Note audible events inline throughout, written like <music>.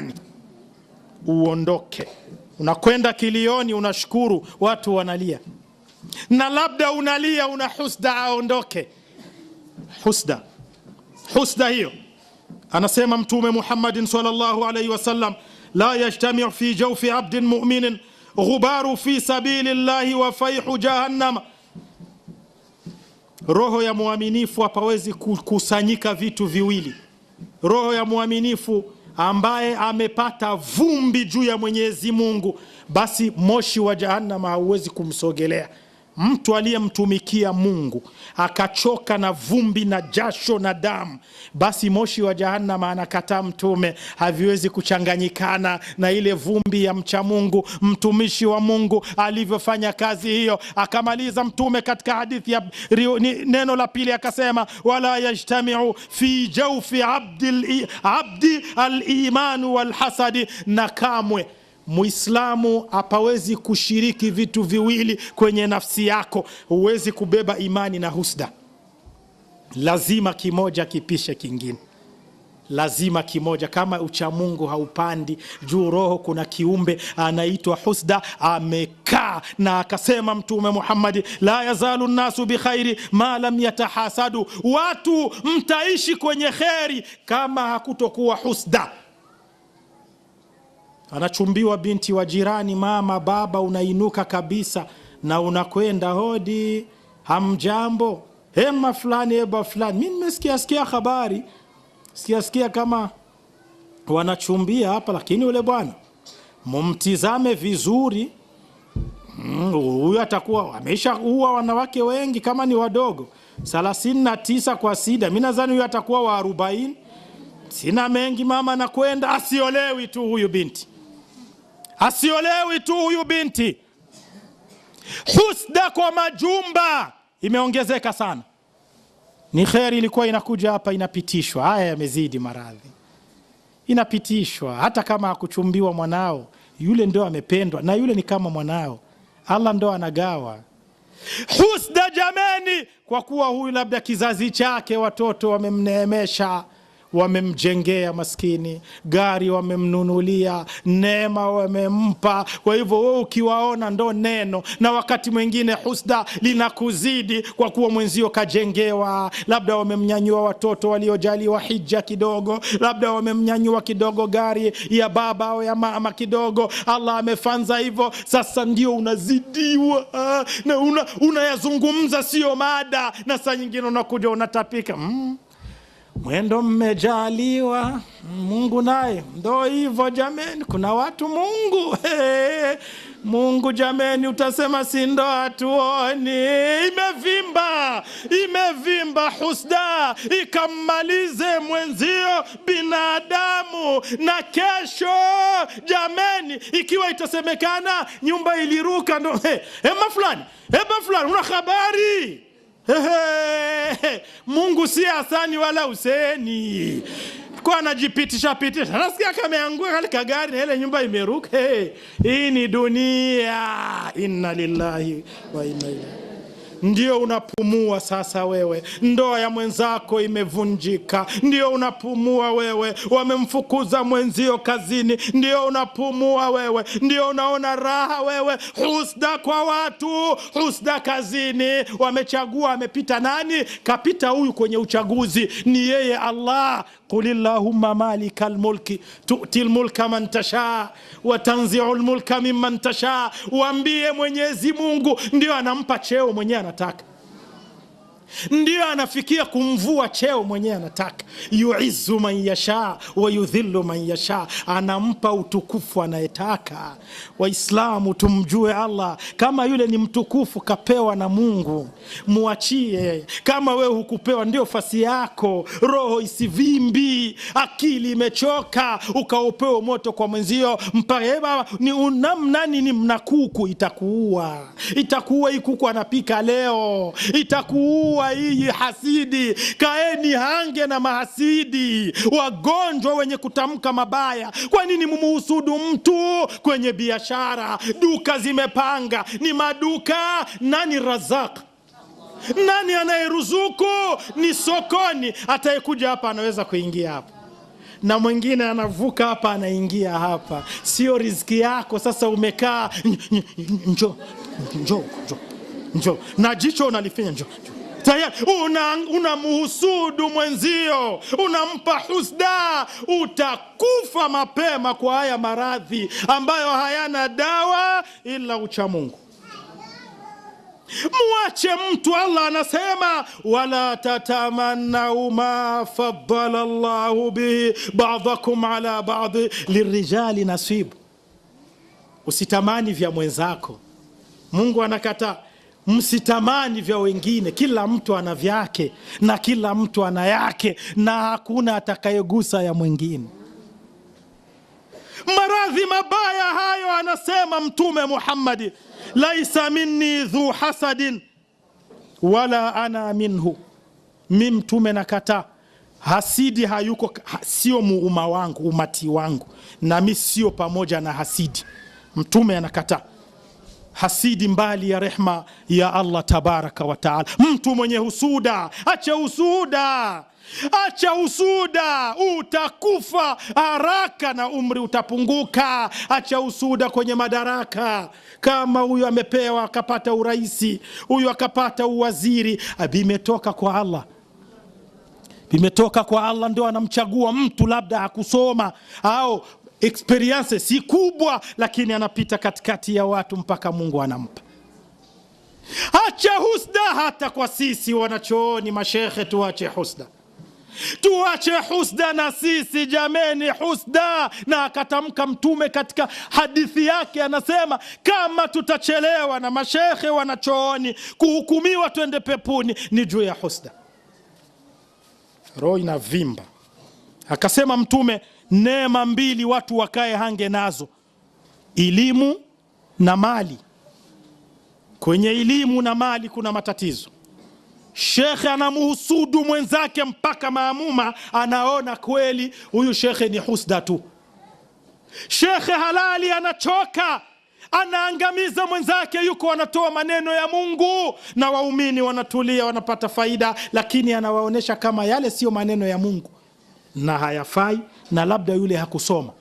ndani uondoke. Unakwenda kilioni, unashukuru, watu wanalia, na labda unalia, una husda, aondoke husda. Husda hiyo anasema Mtume Muhammadin sallallahu alaihi wasallam, la yajtamiu fi jawfi abdin muminin ghubaru fi sabili llahi wa faihu jahannama Roho ya mwaminifu hapawezi kukusanyika vitu viwili. Roho ya mwaminifu ambaye amepata vumbi juu ya Mwenyezi Mungu, basi moshi wa Jahannam hauwezi kumsogelea. Mtu aliyemtumikia Mungu akachoka na vumbi na jasho na damu, basi moshi wa jahannama, anakataa mtume, haviwezi kuchanganyikana na ile vumbi ya mcha Mungu, mtumishi wa Mungu alivyofanya kazi hiyo. Akamaliza mtume katika hadithi ya neno la pili akasema, wala yajtamiu fi jaufi abdi alimanu walhasadi, na kamwe Muislamu hapawezi kushiriki vitu viwili kwenye nafsi yako. Huwezi kubeba imani na husda, lazima kimoja kipishe kingine, lazima kimoja. Kama uchamungu haupandi juu, roho kuna kiumbe anaitwa husda amekaa na akasema Mtume Muhammadi, la yazalu nnasu bikhairi ma lam yatahasadu, watu mtaishi kwenye kheri kama hakutokuwa husda anachumbiwa binti wa jirani, mama baba, unainuka kabisa na unakwenda hodi, hamjambo, hema fulani, eba fulani. Mi nimesikia sikia habari, sikia sikia kama wanachumbia hapa, lakini yule bwana mumtizame vizuri mm, huyu mm, atakuwa ameshaua wanawake wengi kama ni wadogo na tisa kwa sida. Mi nadhani huyu atakuwa wa arobaini. Sina mengi mama, nakwenda asiolewi tu huyu binti asiolewi tu huyu binti, husda kwa majumba imeongezeka sana. Ni kheri ilikuwa inakuja hapa inapitishwa, haya yamezidi maradhi, inapitishwa. Hata kama hakuchumbiwa mwanao yule, ndo amependwa na yule ni kama mwanao, Allah ndo anagawa husda jameni, kwa kuwa huyu labda kizazi chake watoto wamemneemesha wamemjengea maskini, gari wamemnunulia, neema wamempa. Kwa hivyo wewe ukiwaona ndo neno, na wakati mwingine husda linakuzidi kwa kuwa mwenzio kajengewa, labda wamemnyanyua watoto waliojaliwa hija kidogo, labda wamemnyanyua kidogo gari ya baba au ya mama kidogo. Allah amefanza hivyo, sasa ndio unazidiwa eh, na unayazungumza, una sio mada, na saa nyingine unakuja unatapika mm. Mwendo mmejaliwa, Mungu naye ndo hivyo jameni. Kuna watu Mungu <laughs> hey, Mungu jameni, utasema si ndo hatuoni. Imevimba, imevimba, husda ikammalize mwenzio binadamu. Na kesho jameni, ikiwa itasemekana nyumba iliruka ndo hey, hema fulani, hema fulani, una habari Mungu si Hasani wala Huseni kwa anajipitisha pitisha, nasikia kameangua katika gari na ile nyumba imeruka. Hii ni dunia. Inna lillahi wa inna ilaihi ndio unapumua sasa wewe. Ndoa ya mwenzako imevunjika, ndio unapumua wewe. Wamemfukuza mwenzio kazini, ndio unapumua wewe. Ndio unaona raha wewe. Husda kwa watu, husda kazini. Wamechagua, amepita nani? Kapita huyu kwenye uchaguzi, ni yeye Allah Qul illahumma malika almulki tuti lmulka man tasha wa tanziu lmulka mimman tasha, waambie Mwenyezi Mungu ndio anampa cheo mwenyewe anataka ndio anafikia kumvua cheo mwenyewe anataka. Yuizu man yasha wa yudhillu man yasha, anampa utukufu anayetaka. Waislamu, tumjue Allah kama yule ni mtukufu, kapewa na Mungu, muachie. Kama wewe hukupewa, ndio fasi yako, roho isivimbi, akili imechoka, ukaopewa moto kwa mwenzio mpaka ni unamnani ni mnakuku, itakuua itakuua. Ikuku anapika leo, itakuua kuwa hii hasidi. Kaeni hange na mahasidi, wagonjwa wenye kutamka mabaya. Kwa nini mumuhusudu mtu kwenye biashara? Duka zimepanga ni maduka, nani razak nani anayeruzuku? Ni sokoni. Atayekuja hapa anaweza kuingia hapa, na mwingine anavuka hapa anaingia hapa, sio riziki yako. Sasa umekaa njo njo njo njo na jicho unalifinya njo njo tayari unamuhusudu una mwenzio, unampa husda, utakufa mapema kwa haya maradhi ambayo hayana dawa ila uchamungu. Mwache mtu. Allah anasema wala tatamannau ma fadala llahu bihi badakum ala badi lirijali nasibu, usitamani vya mwenzako. Mungu anakataa. Msitamani vya wengine, kila mtu ana vyake na kila mtu ana yake, na hakuna atakayegusa ya mwingine. Maradhi mabaya hayo, anasema Mtume Muhammadi, laisa minni dhu hasadin wala ana minhu, mi Mtume nakataa hasidi, hayuko sio muuma wangu, umati wangu, na mi sio pamoja na hasidi. Mtume anakataa hasidi mbali ya rehma ya Allah tabaraka wa taala. Mtu mwenye husuda, acha husuda, acha husuda, utakufa haraka na umri utapunguka. Acha husuda kwenye madaraka, kama huyu amepewa akapata uraisi, huyu akapata uwaziri, vimetoka kwa Allah vimetoka kwa Allah, ndio anamchagua mtu, labda hakusoma au experience si kubwa, lakini anapita katikati ya watu mpaka Mungu anampa. Acha husda, hata kwa sisi wanachooni mashehe, tuache husda, tuache husda na sisi jameni, husda. Na akatamka Mtume katika hadithi yake, anasema kama tutachelewa na mashehe wanachooni kuhukumiwa twende pepuni ni juu ya husda. Roho inavimba, akasema Mtume neema mbili watu wakae hange nazo, elimu na mali. Kwenye elimu na mali kuna matatizo. Shekhe anamuhusudu mwenzake mpaka maamuma anaona kweli huyu shekhe ni husda tu. Shekhe halali anachoka, anaangamiza mwenzake, yuko anatoa maneno ya Mungu na waumini wanatulia, wanapata faida, lakini anawaonyesha kama yale siyo maneno ya Mungu na hayafai na labda yule hakusoma.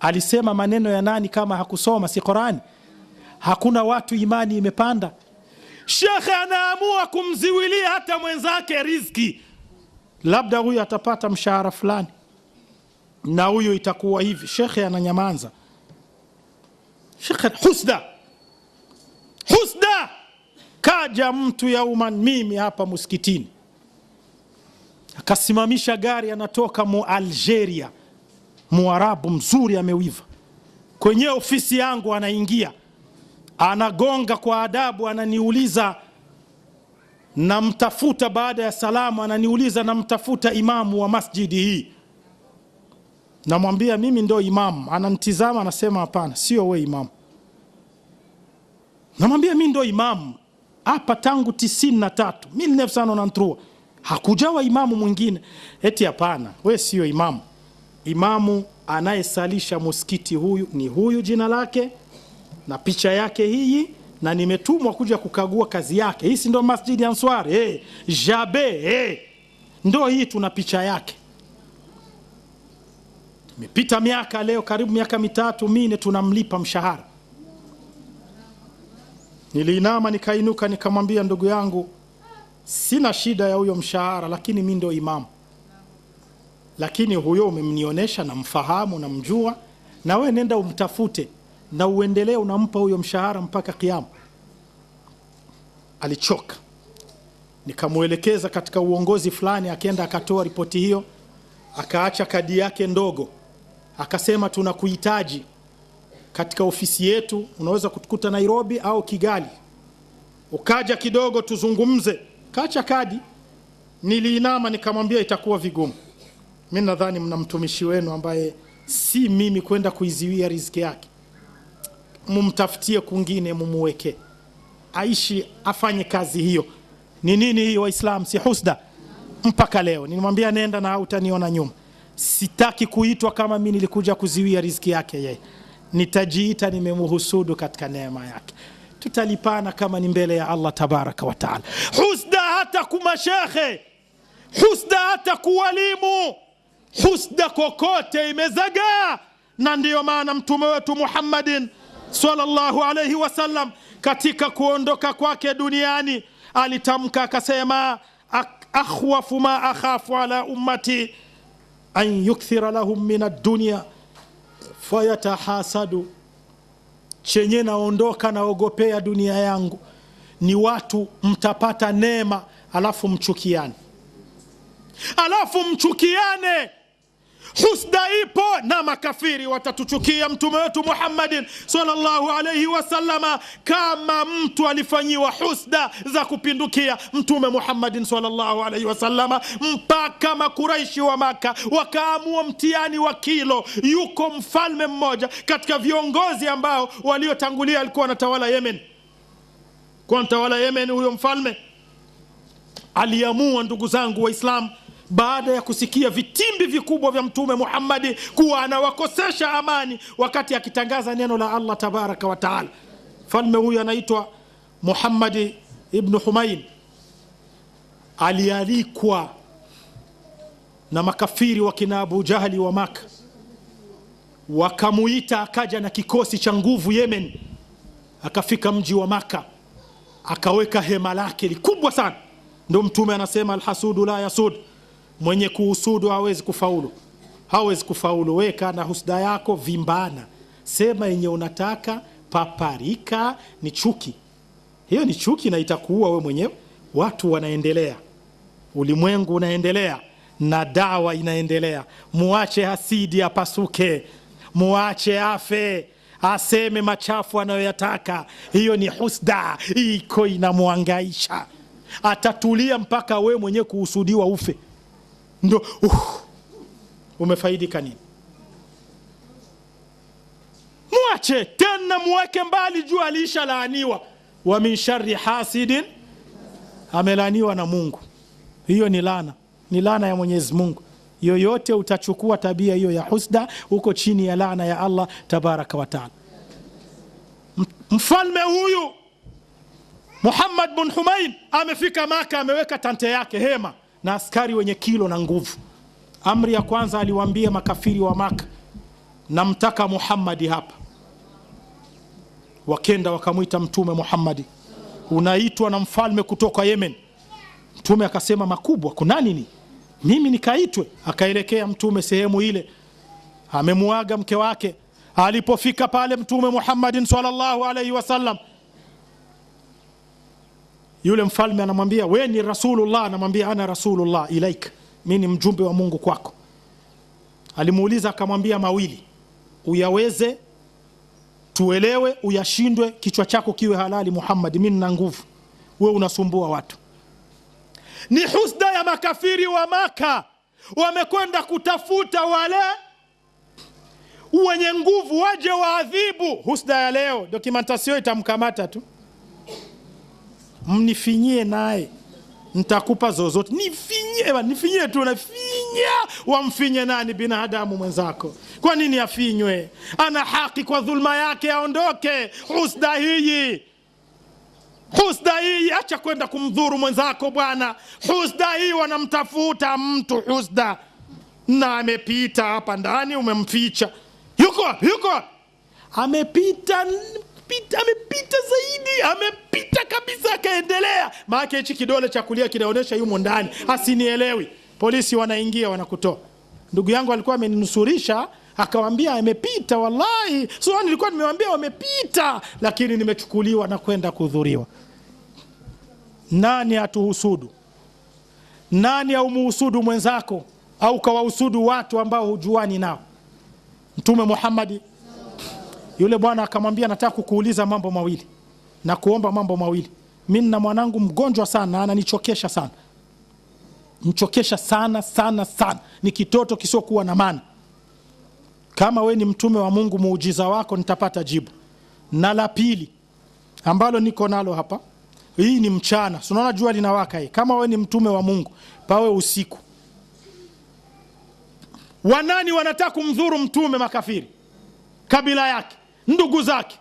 Alisema maneno ya nani kama hakusoma? Si Qurani? Hakuna watu imani imepanda. Shekhe anaamua kumziwilia hata mwenzake riziki, labda huyu atapata mshahara fulani na huyu itakuwa hivi. Shekhe ananyamanza. Shekhe husda, husda. Kaja mtu yauman, mimi hapa msikitini akasimamisha gari, anatoka mu Algeria, muarabu mzuri ameuiva. Kwenye ofisi yangu anaingia, anagonga kwa adabu, ananiuliza namtafuta. Baada ya salamu, ananiuliza namtafuta imamu wa masjidi hii. Namwambia mimi ndo imamu. Anantizama anasema hapana, sio we imamu. Namwambia mimi ndo imamu hapa tangu tisini na tatu 1993 hakujawa imamu mwingine. Eti hapana, we siyo imamu. Imamu anayesalisha muskiti huyu ni huyu, jina lake na picha yake hii, na nimetumwa kuja kukagua kazi yake. Hii si ndo masjidi Answari? Hey, eh, jabe hey, eh. ndo hii, tuna picha yake. Imepita miaka leo, karibu miaka mitatu mine, tunamlipa mshahara. Niliinama nikainuka, nikamwambia ndugu yangu sina shida ya huyo mshahara, lakini mi ndio imamu. Lakini huyo umemnionyesha, namfahamu, namjua, na we nenda umtafute na uendelee unampa huyo mshahara mpaka kiama. Alichoka, nikamwelekeza katika uongozi fulani, akaenda akatoa ripoti hiyo, akaacha kadi yake ndogo, akasema tunakuhitaji katika ofisi yetu, unaweza kutukuta Nairobi au Kigali, ukaja kidogo tuzungumze kacha kadi, niliinama nikamwambia itakuwa vigumu. Mimi nadhani mna mtumishi wenu ambaye si mimi kwenda kuiziwia riziki yake, mumtafutie kwingine, mumuweke aishi, afanye kazi hiyo. Ni nini hii Waislamu? Si husda? Mpaka leo nilimwambia nenda na utaniona nyuma. Sitaki kuitwa kama mimi nilikuja kuziwia riziki yake yeye, nitajiita nimemuhusudu katika neema yake. Tutalipana kama ni mbele ya Allah tabaraka wataala Husda hata kumashehe, husda hata kuwalimu, husda kokote imezagaa. Na ndiyo maana mtume wetu Muhammadin sallallahu alayhi wasallam katika kuondoka kwake duniani alitamka akasema, akhwafu ma akhafu ala ummati an yukthira lahum min ad-dunya fayatahasadu, chenye naondoka naogopea dunia yangu ni watu mtapata neema alafu mchukiane, alafu mchukiane. Husda ipo na makafiri watatuchukia mtume wetu Muhammadin sallallahu alayhi wasallama, kama mtu alifanyiwa husda za kupindukia mtume Muhammadin sallallahu alayhi wasallama, mpaka makuraishi wa Maka wakaamua mtihani wa kilo. Yuko mfalme mmoja katika viongozi ambao waliotangulia alikuwa anatawala Yemen, kwa mtawala Yemen huyo mfalme aliamua ndugu zangu Waislamu, baada ya kusikia vitimbi vikubwa vya Mtume Muhammadi kuwa anawakosesha amani wakati akitangaza neno la Allah tabaraka wa taala, mfalme huyu anaitwa Muhammadi ibnu Humain alialikwa na makafiri wa kina Abu Jahali wa Maka, wakamuita akaja na kikosi cha nguvu Yemen, akafika mji wa Maka akaweka hema lake likubwa sana ndo Mtume anasema alhasudu la yasud, mwenye kuhusudu hawezi kufaulu, hawezi kufaulu. Weka na husda yako vimbana, sema yenye unataka, paparika. Ni chuki hiyo, ni chuki na itakuua we mwenyewe. Watu wanaendelea, ulimwengu unaendelea na dawa inaendelea. Muache hasidi apasuke, muache afe aseme machafu anayoyataka. Hiyo ni husda, iko inamwangaisha atatulia mpaka we mwenyewe kuhusudiwa ufe, ndo uh, umefaidika nini? Mwache tena, muweke mbali, juu aliisha laaniwa. Wa min shari hasidin, amelaaniwa na Mungu. Hiyo ni lana ni lana ya Mwenyezi Mungu. Yoyote utachukua tabia hiyo ya husda, uko chini ya lana ya Allah tabaraka wa taala. Mfalme huyu Muhammad bin Humain amefika Maka, ameweka tante yake hema na askari wenye kilo na nguvu. Amri ya kwanza aliwaambia makafiri wa Maka, namtaka Muhammadi hapa. Wakenda wakamwita Mtume Muhammadi, unaitwa na mfalme kutoka Yemen. Mtume akasema makubwa, kuna nini mimi nikaitwe? Akaelekea Mtume sehemu ile, amemuaga mke wake. Alipofika pale Mtume Muhammadin sallallahu alaihi wasallam yule mfalme anamwambia we ni Rasulullah, anamwambia ana Rasulullah ilaik, mi ni mjumbe wa Mungu kwako. Alimuuliza akamwambia mawili, uyaweze tuelewe, uyashindwe, kichwa chako kiwe halali. Muhammad, mi nina nguvu, we unasumbua watu. Ni husda ya makafiri wa Maka, wamekwenda kutafuta wale wenye nguvu waje waadhibu. Husda ya leo dokumentasio itamkamata tu mnifinyie naye ntakupa zozote. Nifinyie, nifinyie tu, nafinya. Wamfinye nani? Binadamu mwenzako. Kwa nini afinywe? Ana haki kwa dhulma yake, aondoke. Husda hii husda hii, acha kwenda kumdhuru mwenzako bwana. Husda hii, wanamtafuta mtu husda, na amepita hapa ndani, umemficha. Yuko yuko, amepita amepita, amepita zaidi, amepita kabisa, akaendelea. maake hichi kidole cha kulia kinaonyesha yumo ndani, asinielewi. Polisi wanaingia wanakutoa. Ndugu yangu alikuwa ameninusurisha akawambia amepita. Wallahi sio, nilikuwa nimewambia wamepita, lakini nimechukuliwa na kwenda kuhudhuriwa. Nani atuhusudu? Nani aumuhusudu mwenzako au kawahusudu watu ambao hujuani nao? Mtume Muhammadi yule bwana akamwambia, nataka kukuuliza mambo mawili na kuomba mambo mawili. Mimi na mwanangu mgonjwa sana, ananichokesha sana, mchokesha sana sana sana, ni kitoto kisiokuwa na maana. Kama we ni mtume wa Mungu, muujiza wako nitapata jibu. Na la pili ambalo niko nalo hapa, hii ni mchana, sunaona jua linawaka hii. Kama we ni mtume wa Mungu, pawe usiku. Wanani wanataka kumdhuru mtume? Makafiri, kabila yake ndugu zake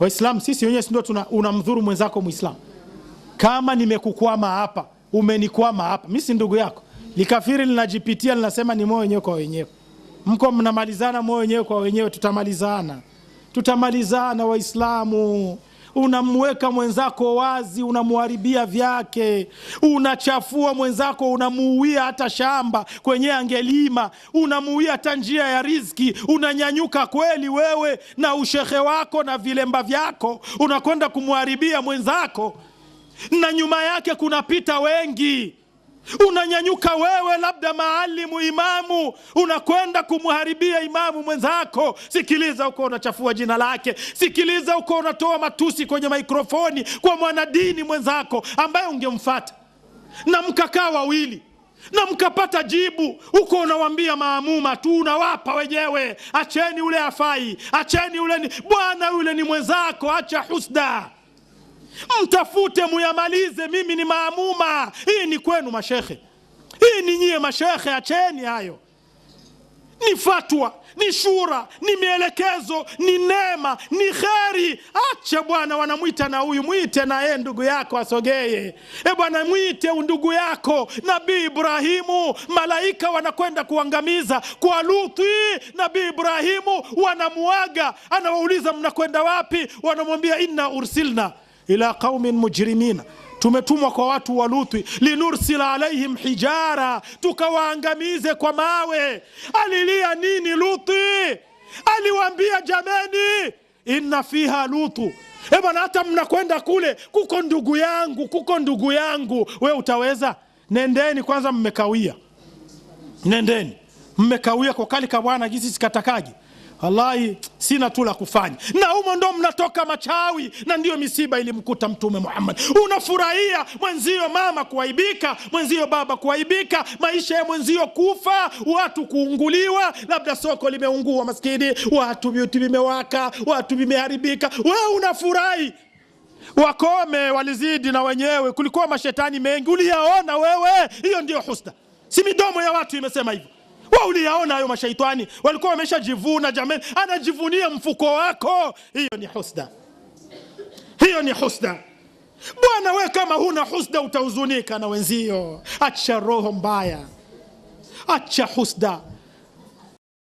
Waislamu sisi wenyewe, si ndio? Unamdhuru mwenzako Mwislamu. Kama nimekukwama hapa, umenikwama hapa, mimi si ndugu yako. Likafiri linajipitia linasema ni moyo wenyewe kwa wenyewe, mko mnamalizana moyo wenyewe kwa wenyewe. Tutamalizana, tutamalizana Waislamu unamweka mwenzako wazi, unamuharibia vyake, unachafua mwenzako, unamuuia hata shamba kwenye angelima, unamuuia hata njia ya riziki. Unanyanyuka kweli wewe na ushehe wako na vilemba vyako, unakwenda kumwharibia mwenzako, na nyuma yake kunapita wengi. Unanyanyuka wewe, labda maalimu, imamu, unakwenda kumharibia imamu mwenzako. Sikiliza huko unachafua jina lake, sikiliza huko unatoa matusi kwenye maikrofoni kwa mwanadini mwenzako ambaye ungemfata na mkakaa wawili na mkapata jibu huko, unawambia maamuma tu, unawapa wenyewe, acheni ule afai, acheni ule ni bwana, yule ni mwenzako, acha husda mtafute muyamalize, mimi ni maamuma. Hii ni kwenu mashekhe, hii ni nyie mashekhe, acheni hayo. Ni fatwa, ni shura, ni mielekezo, ni neema, ni kheri. Acha bwana, wanamwita na huyu mwite na yeye ndugu yako asogee. E bwana, mwite ndugu yako Nabii Ibrahimu. Malaika wanakwenda kuangamiza kwa Luthi, Nabii Ibrahimu wanamuaga, anawauliza mnakwenda wapi? Wanamwambia inna ursilna ila qaumin mujrimina, tumetumwa kwa watu wa Luthi. linursila alaihim hijara, tukawaangamize kwa mawe. Alilia nini Luthi? Aliwaambia jameni, inna fiha lutu E eh, bana hata mnakwenda kule, kuko ndugu yangu, kuko ndugu yangu, we utaweza? Nendeni kwanza, mmekawia, nendeni mmekawia kwa kali ka bwana jinsi sikatakaji Wallahi sina tu la kufanya, na humo ndo mnatoka machawi, na ndiyo misiba ilimkuta Mtume Muhammad. Unafurahia mwenzio mama kuaibika, mwenzio baba kuaibika, maisha ya mwenzio kufa, watu kuunguliwa, labda soko limeungua, maskini watu, vitu vimewaka, watu vimeharibika, we unafurahi. Wakome walizidi na wenyewe, kulikuwa mashetani mengi, uliyaona wewe. Hiyo ndiyo husda, si midomo ya watu imesema hivyo wa uliyaona hayo mashaitani, walikuwa wameshajivuna. Jamani, anajivunia mfuko wako, hiyo ni husda, hiyo ni husda. Bwana, we kama huna husda utahuzunika na wenzio. Acha roho mbaya, acha husda.